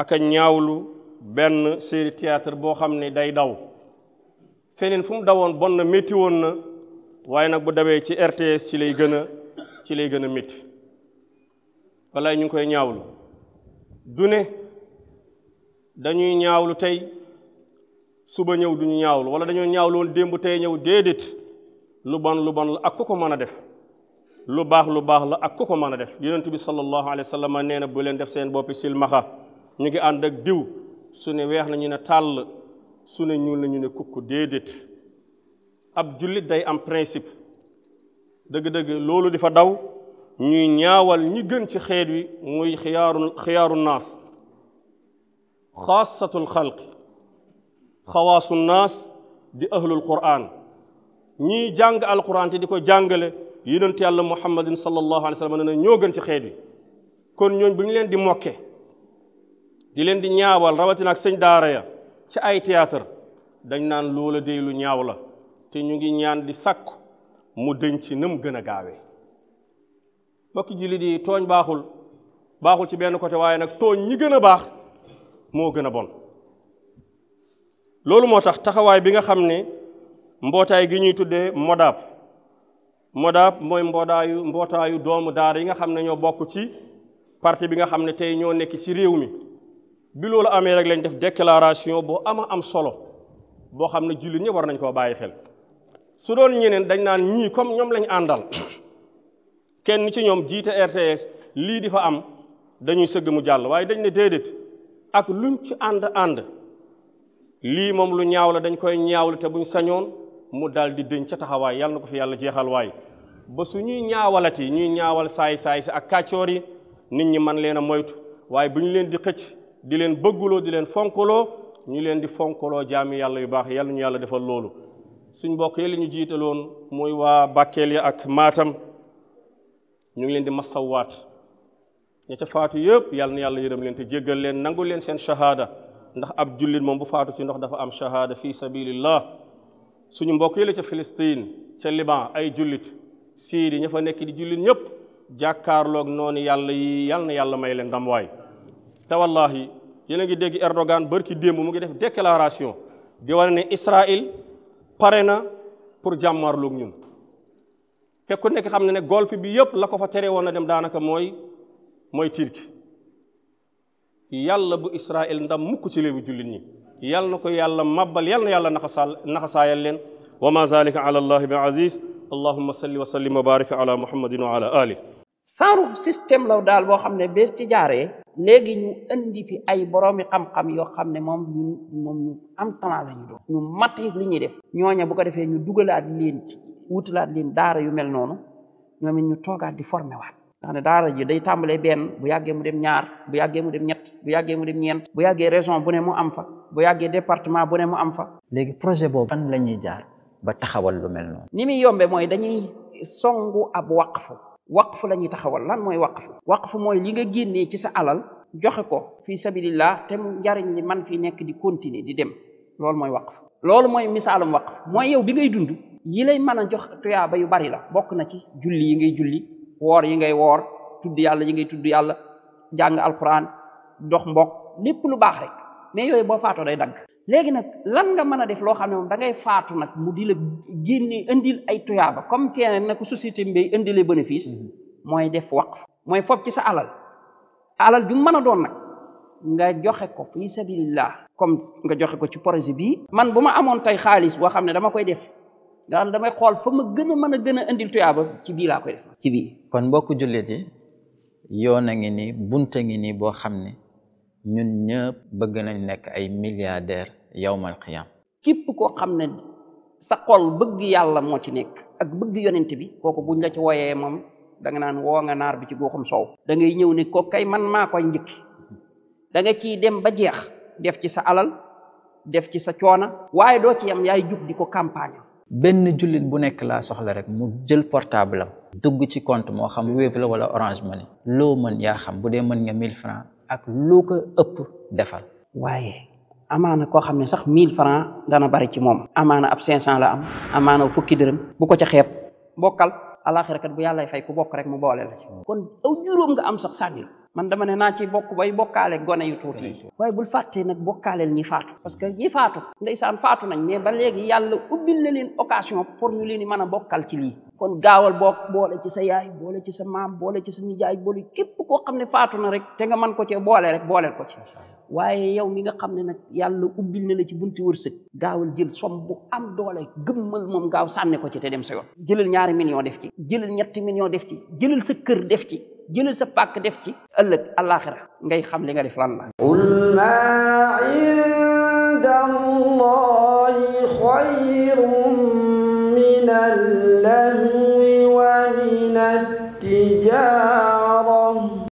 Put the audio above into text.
ak a ñaawlu benn série théâtre boo xam ne day daw feneen fu dawoon bon na métti woon na waaye nag bu dawee ci RTS ci lay gën a ci lay gën a métti walaay ñu ngi koy ñaawlu dune dañuy ñaawlu tey suba ñëw duñu ñaawlu wala dañoo ñaawlu woon démb tey ñëw déedéet lu bon lu bon la ak ku ko mën a def lu baax lu baax la ak ku ko mën a def yonent bi sallallahu alayhi wa sallam nee na bu leen def seen boppi silmaxa ñu ngi ànd ak diw su ne weex na ñu ne tàll su ne ñuul na ñu ne kukku déedéet ab jullit day am principe dëgg-dëgg loolu di fa daw ñuy ñaawal ñi gën ci xeet wi muy xiyaaru xiyaaru naas xaasatul xalqi xawaasu naas di ahlul quran ñiy jàng alquran te di ko jàngale yonent yàlla muhammadin sallallahu alayhi wa sallam ne ñoo gën ci xee bi kon ñooñ bu ñu leen di mokke di leen di ñaawal rawatina ak sëñ daara ya ci ay théâtre dañ naan loola dey ñaaw la te ñu ngi ñaan di sàkku mu dëñ ci nëm gën a gaawee mbokki jullit yi tooñ baaxul baaxul ci benn côté waaye nag tooñ ñi gën a baax moo gën a bon loolu moo tax taxawaay bi nga xam ne mbootaay gi ñuy tuddee modaab modaab mooy mboodaayu mbootaayu doomu daara yi nga xam ne ñoo bokk ci parti bi nga xam ne tey ñoo nekk ci réew mi bi loolu amee rek lañ def déclaration boo ama am solo boo xam ne jullit ñi war nañ koo bàyyi xel su doon ñeneen dañ naan ñii comme ñoom lañu àndal kenn ci ñoom jiite RTS lii di fa am dañuy sëgg mu jàll waaye dañ ne déedéet ak luñ ci ànd ànd lii moom lu ñaaw la dañ koy ñaawlu te buñ sañoon mu daal di dëñ ca taxawaay yàlla na ko fi yàlla jeexal waay ba su ñuy ñaawalati ñuy ñaawal saay saay si ak kàccoor yi nit ñi man leen a moytu waaye bu ñu leen di xëcc di leen bëgguloo di leen fonkaloo ñu leen di fonkaloo jaami yàlla yu baax yàlla ñu yàlla defal loolu suñ mbokk yi li ñu jiitaloon mooy waa Bakel yi ak maatam ñu ngi leen di masawaat ña faatu yëpp yàlla yàlla yërëm leen te jéggal leen nangu leen seen shahada ndax ab jullit moom bu faatu ci dafa am shahada fi sabilillah suñu mbokk yi la ca Palestine ca Liban ay jullit Syrie ña fa nekk di jullit ñëpp jàkkaarlook noonu yàlla yi yàlla na yàlla may leen ndam waay te wallaahi yéen a ngi dégg Erdogan barki démb mu ngi def déclaration di wane ne Israël pare na pour jàmmarloog ñun te ku nekk xam ne ne golf bi yëpp la ko fa tere woon na dem daanaka mooy mooy Turquie yàlla bu Israël ndam mukk ci léebu jullit ñi yal na ko yàlla mabbal yal na yàlla naxasaal naxasaayal leen wa ma zalika ala allahi bi aziz allahuma salli wa sallim wa barik ala muhammadin wa ala ali saaru système law daal boo xam ne be ci jaaree léegi ñu indi fi ay boroomi xam-xam yoo xam ne moom ñun moom ñu am talent la ñu ñu mat li ñuy def ñooña bu ko defee ñu dugalaat leen ci wutalaat leen daara yu mel noonu ñoom it ñu toogaat di formé waat nga ne daara ji day tàmbalee benn bu yàggee mu dem ñaar bu yàggee mu dem ñett bu yàggee mu dem ñeent bu yàggee région bu ne mu am fa bu yàggee département bu ne mu am fa léegi projet boobu fan la ñuy jaar ba taxawal lu mel noonu ni muy yombee mooy dañuy songu ab waqfu waqfu la ñuy taxawal lan mooy waqfu fu mooy li nga génnee ci sa alal joxe ko fii sabilillah te njariñ li man fii nekk di continuer di dem loolu mooy waqfu loolu mooy misaalum waqf mooy yow bi ngay dund yi lay mën a jox tuyaaba yu bari la bokk na ci julli yi ngay julli woor yi ngay woor tudd yàlla yi ngay tudd yàlla jàng alquran dox mbokk lépp lu baax rek mais yooyu boo faatoo day dagg léegi nag lan nga mën a def loo xam ne moom da ngay faatu nag mu di la génne indil ay tuyaaba comme keneen na ko société mbay indilee bénéfice mm-hmm. mooy def waqf mooy fob ci sa alal alal ju mën a doon nag nga joxe ko fi sabilillah comme nga joxe ko ci projet bi man bu ma amoon tey xaalis boo xam ne dama koy def nga xam damay xool fa ma gën a mën a gën a indil tuyaaba ci bii laa koy def ci bii kon mbokku jullit yi yoon a ngi nii bunta ngi nii boo xam ne ñun ñëpp bëgg nañ nekk ay milliardaire yawmal qiyaam képp koo xam ne sa xol bëgg yàlla moo ci nekk ak bëgg yonent bi kooku buñ la ci wooyee moom danga naan woo nga naar bi ci goxum soow da ngay ñëw ne ko kay man maa koy njëkk danga nga ciy dem ba jeex def ci sa alal def ci sa coona waaye doo ci yam yaay jug di ko campagne benn julit bu nekk laa soxla rek mu jël portable am dugg ci compte moo xam Wave la wala Orange Money loo mën yaa xam bu dee mën nga 1000 francs ak loo ko ëpp defal waaye amaana koo xam ne sax 1000 francs dana bari ci moom amaana ab 500 la am amaana fukki dërëm bu ko ca xeep bokkal alaxira kat bu yàllay fay ku bokk rek mu boole kon aw juróom nga am sax sànnil man dama ne naa ci bokk bay bokkaale gone yu tuuti yi waaye bul fàttee nag bokkaaleel ñi faatu parce que ñi faatu ndeysaan faatu nañ mais ba léegi yàlla ubbil na leen occasion pour ñu leen i mën a bokkal ci lii kon gaawal boo boole ci sa yaay boole ci sa maam boole ci sa nijaay boole képp koo xam ne faatu na rek te nga mën ko ci boole rek booleel ko ci waaye yow mi nga xam ne nag yàlla ubbil na la ci bunti wërsëg gaawal jël som bu am doole gëmmal moom gaaw sànni ko ci te dem sa yoon jëlal ñaari million def ci jëlal ñetti million def ci jëlal sa kër def ci jëlal sa pàkk def ci ëllëg àllaaxira ngay xam li nga def lan la